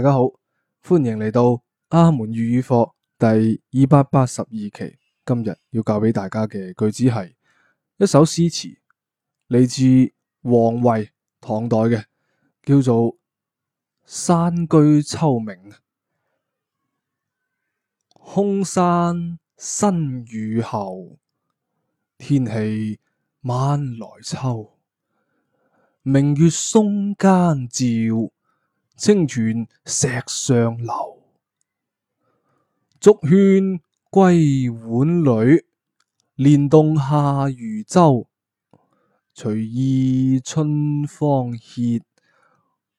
大家好，歡迎嚟到阿門粵語課第二百八十二期。今日要教俾大家嘅句子係一首詩詞，嚟自王維，唐代嘅，叫做《山居秋暝》。空山新雨後，天氣晚來秋。明月松間照。清泉石上流，竹喧歸浣女，蓮動下漁舟。隨意春芳歇，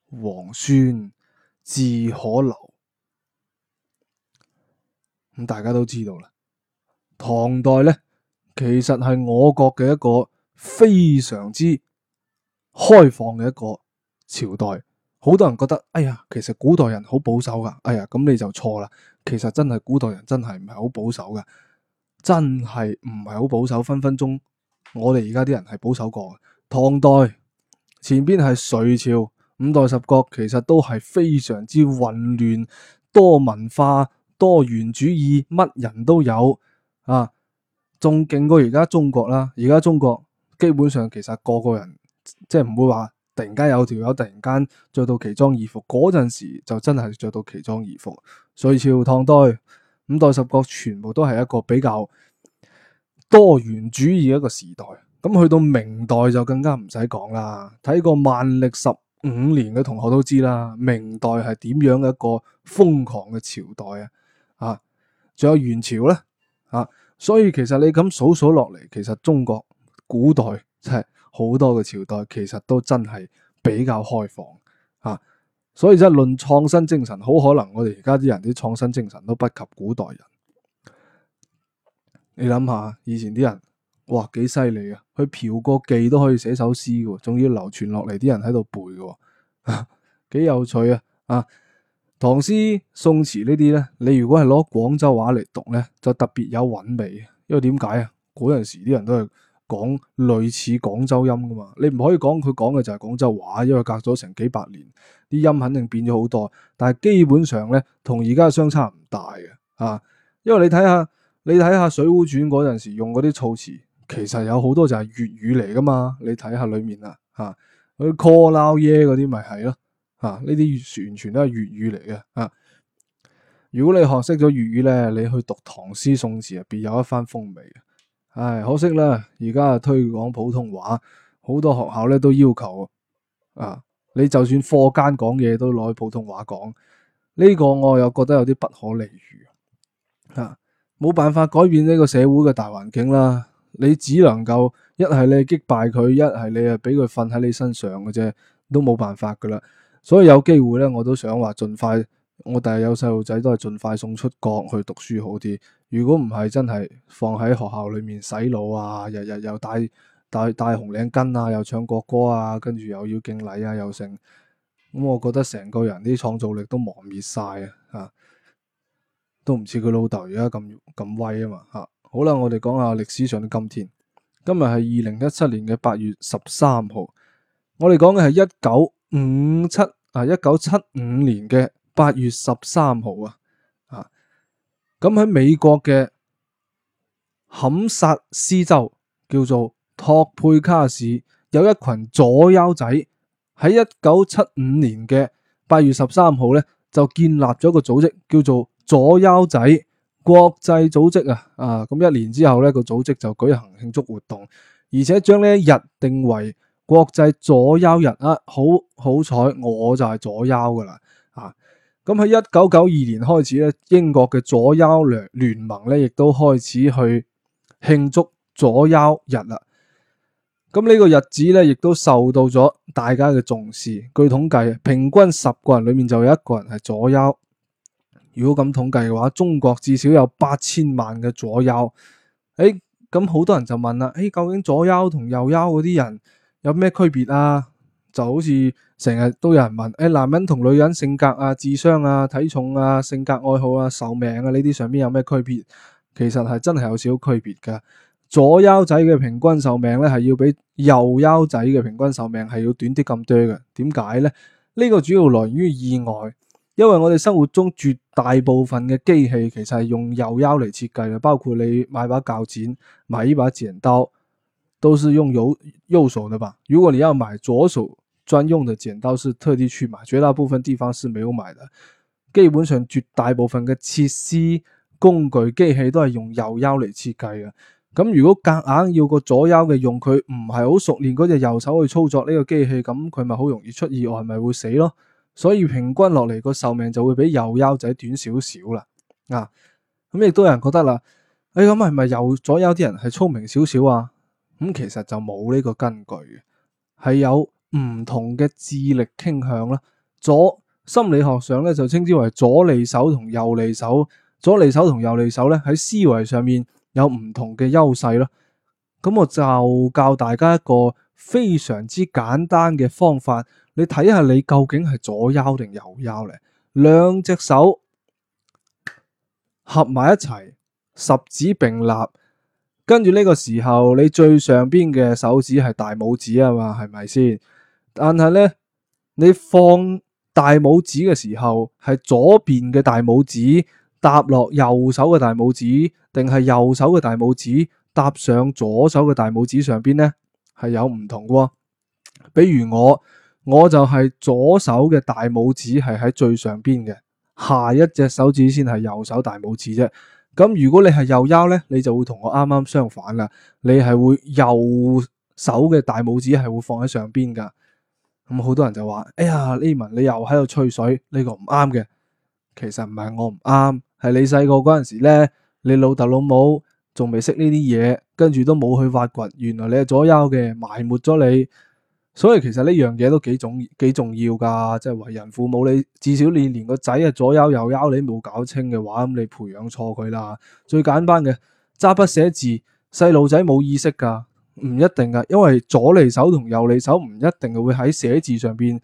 王孫自可留。咁大家都知道啦，唐代呢，其實係我國嘅一個非常之開放嘅一個朝代。好多人覺得，哎呀，其實古代人好保守噶，哎呀，咁你就錯啦。其實真係古代人真係唔係好保守噶，真係唔係好保守，分分鐘我哋而家啲人係保守過嘅。唐代前邊係隋朝、五代十國，其實都係非常之混亂、多文化、多元主義，乜人都有啊，仲勁過而家中國啦。而家中國基本上其實個個人即係唔會話。突然間有條友突然間着到奇裝異服，嗰陣時就真係着到奇裝異服。隋朝、唐代、五代十國，全部都係一個比較多元主義一個時代。咁去到明代就更加唔使講啦。睇過萬曆十五年嘅同學都知啦，明代係點樣嘅一個瘋狂嘅朝代啊！啊，仲有元朝咧啊，所以其實你咁數數落嚟，其實中國古代即係。好多嘅朝代其實都真係比較開放啊，所以真係論創新精神，好可能我哋而家啲人啲創新精神都不及古代人。你諗下，以前啲人哇幾犀利啊，佢嫖過妓都可以寫首詩嘅，仲要流傳落嚟啲人喺度背嘅，幾有趣啊！啊，唐詩宋詞呢啲呢，你如果係攞廣州話嚟讀呢，就特別有韻味。因為點解啊？嗰陣時啲人都係。講類似廣州音噶嘛，你唔可以講佢講嘅就係廣州話，因為隔咗成幾百年，啲音肯定變咗好多。但係基本上咧，同而家相差唔大嘅啊。因為你睇下，你睇下《水滸傳》嗰陣時用嗰啲措辭，其實有好多就係粵語嚟噶嘛。你睇下裏面啦，吓、啊、啲 call 撈耶嗰啲咪係咯，吓呢啲完全都係粵語嚟嘅啊。如果你學識咗粵語咧，你去讀唐詩宋詞入邊有一番風味嘅。唉，可惜啦！而家推廣普通話，好多學校咧都要求啊，你就算課間講嘢都攞普通話講，呢個我又覺得有啲不可理喻啊！冇辦法改變呢個社會嘅大環境啦，你只能夠一係你擊敗佢，一係你啊俾佢瞓喺你身上嘅啫，都冇辦法噶啦。所以有機會咧，我都想話盡快，我第日有細路仔都係盡快送出國去讀書好啲。如果唔係真係放喺學校裏面洗腦啊，日日又戴戴戴紅領巾啊，又唱國歌啊，跟住又要敬禮啊，又成咁，我覺得成個人啲創造力都磨滅晒啊，啊，都唔似佢老豆而家咁咁威啊嘛吓，啊。好啦，我哋講下歷史上嘅今天，今日係二零一七年嘅八月十三號，我哋講嘅係一九五七啊，一九七五年嘅八月十三號啊。咁喺美國嘅堪薩斯州叫做托佩卡市，有一群左優仔喺一九七五年嘅八月十三號咧，就建立咗個組織叫做左優仔國際組織啊！啊，咁一年之後呢，個組織就舉行慶祝活動，而且將呢一日定為國際左優日左腰啊！好好彩，我就係左優㗎喇啊！咁喺一九九二年開始咧，英國嘅左優聯盟咧，亦都開始去慶祝左優日啦。咁呢個日子咧，亦都受到咗大家嘅重視。據統計，平均十個人裏面就有一個人係左優。如果咁統計嘅話，中國至少有八千萬嘅左優。誒，咁好多人就問啦，誒，究竟左優同右優嗰啲人有咩區別啊？就好似成日都有人問，誒、哎，男人同女人性格啊、智商啊、體重啊、性格愛好啊、壽命啊呢啲上邊有咩區別？其實係真係有少少區別嘅。左腰仔嘅平均壽命咧係要比右腰仔嘅平均壽命係要短啲咁多嘅。點解咧？呢、這個主要來源於意外，因為我哋生活中絕大部分嘅機器其實係用右腰嚟設計嘅，包括你買把鉸剪、買呢把剪刀，自然刀都是用右右手嘅吧？如果你有埋左手，專用嘅剪刀是特地去買，絕大部分地方是沒有買的。基本上絕大部分嘅設施工具機器都係用右休嚟設計嘅。咁如果夾硬要個左休嘅用佢，唔係好熟練嗰隻右手去操作呢個機器，咁佢咪好容易出意外，係咪會死咯。所以平均落嚟個壽命就會比右休仔短少少啦。啊，咁亦都有人覺得啦，你咁係咪右左右啲人係聰明少少啊？咁其實就冇呢個根據嘅，係有。唔同嘅智力傾向啦，左心理學上咧就稱之為左利手同右利手，左利手同右利手咧喺思維上面有唔同嘅優勢咯。咁我就教大家一個非常之簡單嘅方法，你睇下你究竟係左優定右優咧。兩隻手合埋一齊，十指並立，跟住呢個時候你最上邊嘅手指係大拇指啊嘛，係咪先？但係咧，你放大拇指嘅時候，係左邊嘅大拇指搭落右手嘅大拇指，定係右手嘅大拇指搭上左手嘅大拇指上邊咧，係有唔同嘅哦。比如我，我就係左手嘅大拇指係喺最上邊嘅，下一隻手指先係右手大拇指啫。咁如果你係右優咧，你就會同我啱啱相反啦。你係會右手嘅大拇指係會放喺上邊噶。咁好多人就話：哎呀，呢文你又喺度吹水，呢個唔啱嘅。其實唔係我唔啱，係你細個嗰陣時咧，你老豆老母仲未識呢啲嘢，跟住都冇去挖掘，原來你係左優嘅，埋沒咗你。所以其實呢樣嘢都幾重幾重要噶，即係爲人父母，你至少你連個仔係左優右優，你冇搞清嘅話，咁你培養錯佢啦。最簡單嘅揸筆寫字，細路仔冇意識噶。唔一定噶，因為左利手同右利手唔一定會喺寫字上邊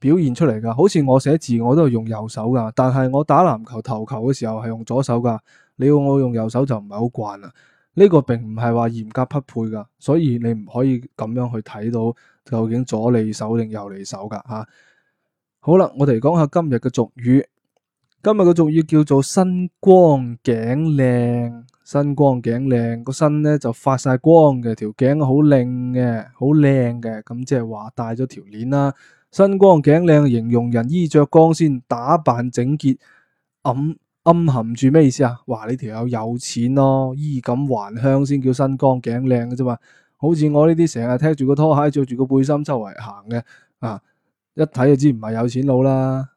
表現出嚟噶。好似我寫字我都係用右手噶，但係我打籃球投球嘅時候係用左手噶。你要我用右手就唔係好慣啦。呢、這個並唔係話嚴格匹配噶，所以你唔可以咁樣去睇到究竟左利手定右利手噶吓、啊。好啦，我哋講下今日嘅俗語。今日個俗語叫做身光頸靚，身光頸靚個身咧就發晒光嘅，條頸好靚嘅，好靚嘅。咁即係話帶咗條鏈啦。身光頸靚形容人衣着光鮮，打扮整潔。暗暗含住咩意思啊？話你條友有錢咯，衣錦還鄉先叫身光頸靚嘅啫嘛。好似我呢啲成日踢住個拖鞋，着住個背心周圍行嘅啊，一睇就知唔係有錢佬啦。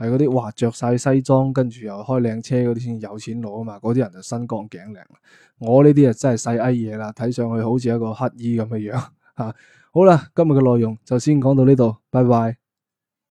係嗰啲哇，着晒西裝，跟住又開靚車嗰啲先有錢攞啊嘛！嗰啲人就身光頸靚啦。我呢啲啊真係細埃嘢啦，睇上去好似一個乞兒咁嘅樣吓，啊。好啦，今日嘅內容就先講到呢度，拜拜。